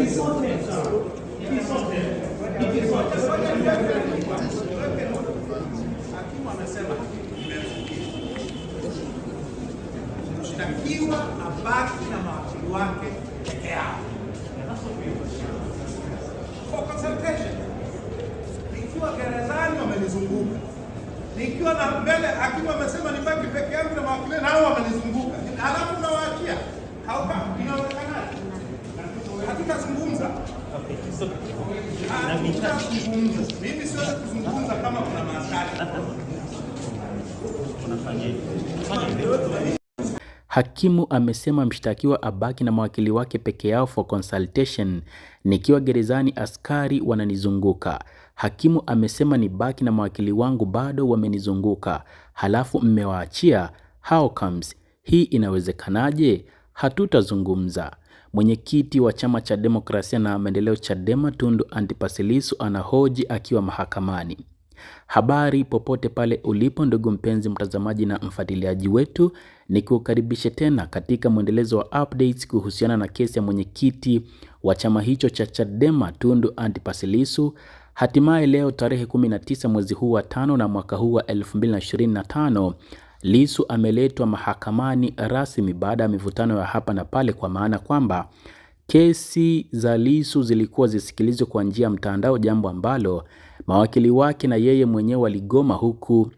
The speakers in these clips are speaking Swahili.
mshtakiwa abaki na mawakili wake peke yao. Nikiwa gerezani wamenizunguka, nikiwa na mbele hakimu amesema nibaki peke yangu na mawakili nao wamenizunguka, alafu nawaachia hauka Hakimu amesema mshtakiwa abaki na mawakili wake peke yao for consultation. Nikiwa gerezani, askari wananizunguka. Hakimu amesema nibaki na mawakili wangu, bado wamenizunguka, halafu mmewaachia. How comes? Hii inawezekanaje? Hatutazungumza. Mwenyekiti wa chama cha demokrasia na maendeleo Chadema Tundu Antipas Lissu anahoji akiwa mahakamani. Habari popote pale ulipo, ndugu mpenzi mtazamaji na mfuatiliaji wetu, ni kukaribisha tena katika mwendelezo wa updates kuhusiana na kesi ya mwenyekiti wa chama hicho cha Chadema Tundu Antipas Lissu. Hatimaye leo tarehe 19 mwezi huu wa tano na mwaka huu wa 2025 Lisu ameletwa mahakamani rasmi baada ya mivutano ya hapa na pale, kwa maana kwamba kesi za Lisu zilikuwa zisikilizwe kwa njia ya mtandao, jambo ambalo mawakili wake na yeye mwenyewe waligoma, huku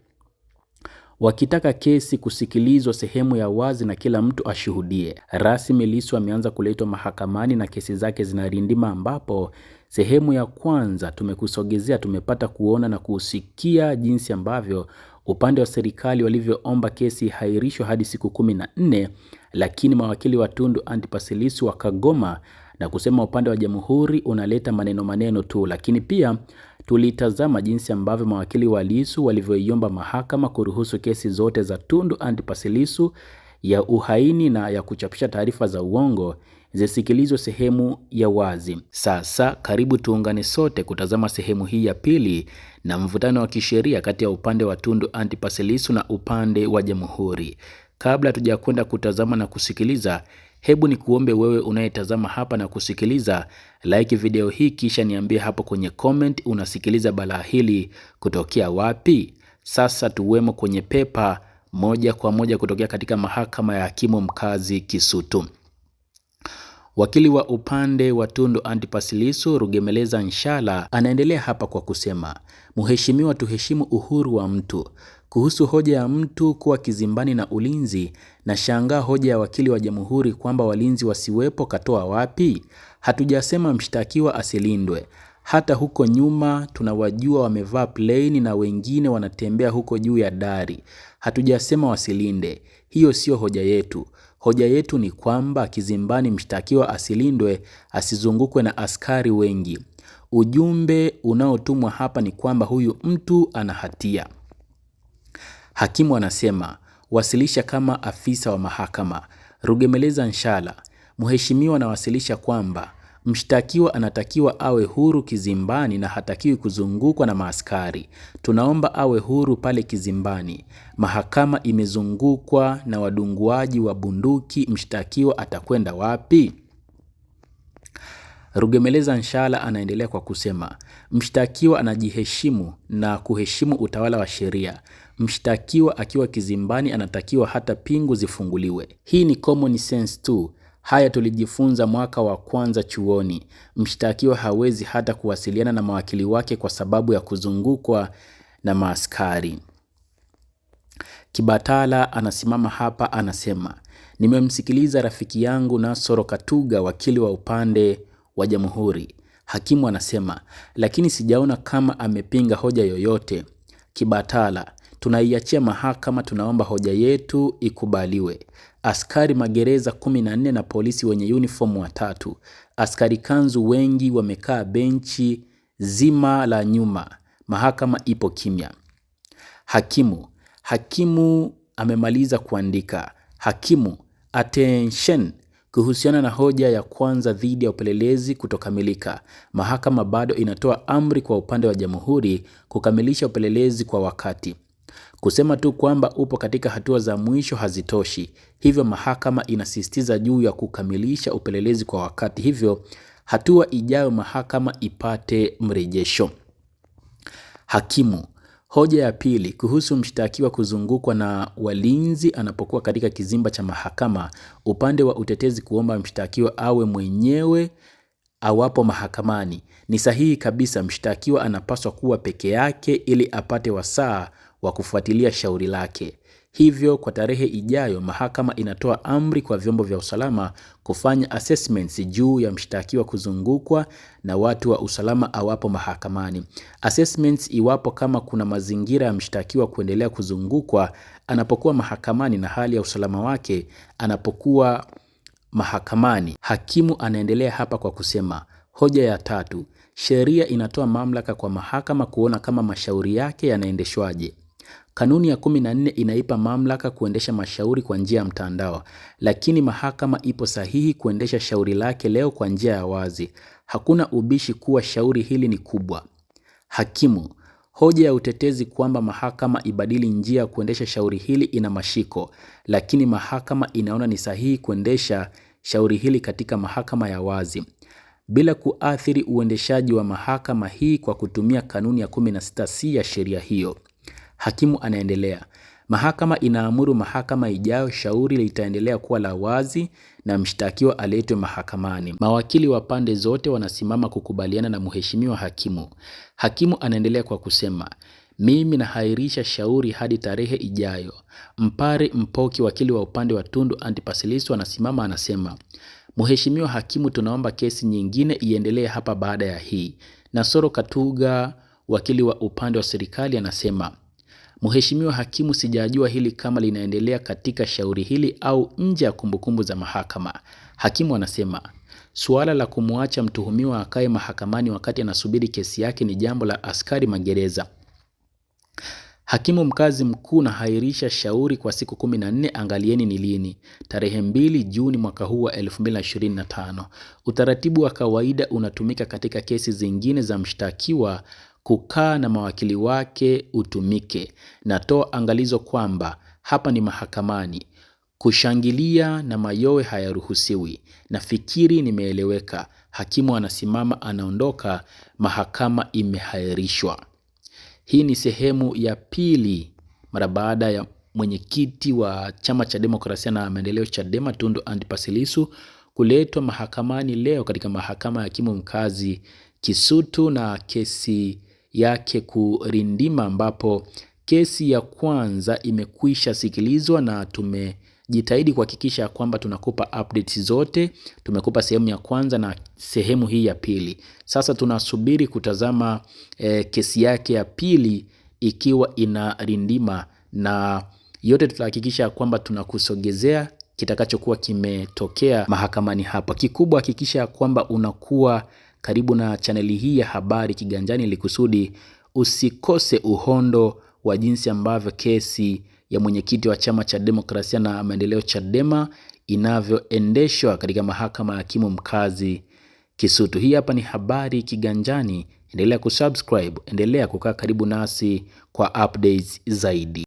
wakitaka kesi kusikilizwa sehemu ya wazi na kila mtu ashuhudie. Rasmi Lisu ameanza kuletwa mahakamani na kesi zake zinarindima, ambapo Sehemu ya kwanza tumekusogezea, tumepata kuona na kusikia jinsi ambavyo upande wa serikali walivyoomba kesi ihairishwe hadi siku kumi na nne, lakini mawakili wa Tundu Antipas Lissu wakagoma na kusema upande wa jamhuri unaleta maneno maneno tu. Lakini pia tulitazama jinsi ambavyo mawakili wa Lissu walivyoiomba mahakama kuruhusu kesi zote za Tundu Antipas Lissu ya uhaini na ya kuchapisha taarifa za uongo zisikilizwe sehemu ya wazi. Sasa karibu tuungane sote kutazama sehemu hii ya pili na mvutano wa kisheria kati ya upande wa Tundu Antipas Lissu na upande wa Jamhuri. Kabla tujakwenda kutazama na kusikiliza, hebu ni kuombe wewe unayetazama hapa na kusikiliza, like video hii, kisha niambie hapo kwenye comment unasikiliza balaa hili kutokea wapi. Sasa tuwemo kwenye pepa moja kwa moja kutokea katika mahakama ya hakimu mkazi Kisutu. Wakili wa upande wa Tundu Antipas Lissu Rugemeleza Nshala anaendelea hapa kwa kusema, Mheshimiwa, tuheshimu uhuru wa mtu. Kuhusu hoja ya mtu kuwa kizimbani na ulinzi, na shangaa hoja ya wakili wa jamhuri kwamba walinzi wasiwepo, katoa wapi? Hatujasema mshtakiwa asilindwe, hata huko nyuma tunawajua wamevaa pleini na wengine wanatembea huko juu ya dari. Hatujasema wasilinde, hiyo siyo hoja yetu. Hoja yetu ni kwamba kizimbani mshtakiwa asilindwe, asizungukwe na askari wengi. Ujumbe unaotumwa hapa ni kwamba huyu mtu ana hatia. Hakimu anasema wasilisha kama afisa wa mahakama. Rugemeleza Nshala, mheshimiwa, anawasilisha kwamba Mshtakiwa anatakiwa awe huru kizimbani na hatakiwi kuzungukwa na maaskari. Tunaomba awe huru pale kizimbani. Mahakama imezungukwa na wadunguaji wa bunduki, mshtakiwa atakwenda wapi? Rugemeleza Nshala anaendelea kwa kusema mshtakiwa anajiheshimu na kuheshimu utawala wa sheria. Mshtakiwa akiwa kizimbani anatakiwa hata pingu zifunguliwe. Hii ni common sense tu. Haya tulijifunza mwaka wa kwanza chuoni. Mshtakiwa hawezi hata kuwasiliana na mawakili wake kwa sababu ya kuzungukwa na maaskari. Kibatala anasimama hapa anasema, nimemsikiliza rafiki yangu Nasoro Katuga, wakili wa upande wa Jamhuri. Hakimu anasema, lakini sijaona kama amepinga hoja yoyote. Kibatala, tunaiachia mahakama, tunaomba hoja yetu ikubaliwe. Askari magereza 14 na polisi wenye uniform watatu. Askari kanzu wengi wamekaa benchi zima la nyuma. Mahakama ipo kimya. Hakimu hakimu amemaliza kuandika. Hakimu attention kuhusiana na hoja ya kwanza dhidi ya upelelezi kutokamilika, mahakama bado inatoa amri kwa upande wa jamhuri kukamilisha upelelezi kwa wakati. Kusema tu kwamba upo katika hatua za mwisho hazitoshi, hivyo mahakama inasisitiza juu ya kukamilisha upelelezi kwa wakati, hivyo hatua ijayo mahakama ipate mrejesho. Hakimu Hoja ya pili kuhusu mshtakiwa kuzungukwa na walinzi anapokuwa katika kizimba cha mahakama, upande wa utetezi kuomba mshtakiwa awe mwenyewe awapo mahakamani. Ni sahihi kabisa, mshtakiwa anapaswa kuwa peke yake ili apate wasaa wa kufuatilia shauri lake. Hivyo kwa tarehe ijayo mahakama inatoa amri kwa vyombo vya usalama kufanya assessments juu ya mshtakiwa kuzungukwa na watu wa usalama awapo mahakamani. Assessments iwapo kama kuna mazingira ya mshtakiwa kuendelea kuzungukwa anapokuwa mahakamani na hali ya usalama wake anapokuwa mahakamani. Hakimu anaendelea hapa kwa kusema hoja ya tatu. Sheria inatoa mamlaka kwa mahakama kuona kama mashauri yake yanaendeshwaje. Kanuni ya 14 inaipa mamlaka kuendesha mashauri kwa njia ya mtandao, lakini mahakama ipo sahihi kuendesha shauri lake leo kwa njia ya wazi. Hakuna ubishi kuwa shauri hili ni kubwa. Hakimu, hoja ya utetezi kwamba mahakama ibadili njia ya kuendesha shauri hili ina mashiko, lakini mahakama inaona ni sahihi kuendesha shauri hili katika mahakama ya wazi bila kuathiri uendeshaji wa mahakama hii kwa kutumia kanuni ya 16C ya sheria hiyo. Hakimu anaendelea. Mahakama inaamuru mahakama ijayo shauri litaendelea kuwa la wazi na mshtakiwa aletwe mahakamani. Mawakili wa pande zote wanasimama kukubaliana na mheshimiwa hakimu. Hakimu anaendelea kwa kusema, mimi nahairisha shauri hadi tarehe ijayo. Mpare Mpoki, wakili wa upande wa Tundu Antipas Lissu, anasimama anasema, mheshimiwa hakimu, tunaomba kesi nyingine iendelee hapa baada ya hii. Nasoro Katuga, wakili wa upande wa serikali, anasema Mheshimiwa Hakimu, sijajua hili kama linaendelea katika shauri hili au nje ya kumbukumbu za mahakama. Hakimu anasema suala la kumwacha mtuhumiwa akae mahakamani wakati anasubiri kesi yake ni jambo la askari magereza. Hakimu mkazi mkuu nahairisha shauri kwa siku 14. Angalieni ni lini, tarehe 2 Juni mwaka huu wa 2025. Utaratibu wa kawaida unatumika katika kesi zingine za mshtakiwa kukaa na mawakili wake utumike. Natoa angalizo kwamba hapa ni mahakamani. Kushangilia na mayowe hayaruhusiwi. Nafikiri nimeeleweka. Hakimu anasimama, anaondoka. Mahakama imehairishwa. Hii ni sehemu ya pili mara baada ya mwenyekiti wa chama cha demokrasia na maendeleo Chadema Tundu Antipas Lissu kuletwa mahakamani leo katika mahakama ya hakimu mkazi Kisutu na kesi yake kurindima ambapo kesi ya kwanza imekwisha sikilizwa na tume jitahidi kuhakikisha kwamba tunakupa updates zote. Tumekupa sehemu ya kwanza na sehemu hii ya pili. Sasa tunasubiri kutazama e, kesi yake ya pili ikiwa ina rindima, na yote tutahakikisha kwamba tunakusogezea kitakachokuwa kimetokea mahakamani hapa. Kikubwa hakikisha kwamba unakuwa karibu na chaneli hii ya Habari Kiganjani ili kusudi usikose uhondo wa jinsi ambavyo kesi ya mwenyekiti wa chama cha demokrasia na maendeleo Chadema inavyoendeshwa katika mahakama ya hakimu mkazi Kisutu. Hii hapa ni Habari Kiganjani. Endelea kusubscribe, endelea kukaa karibu nasi kwa updates zaidi.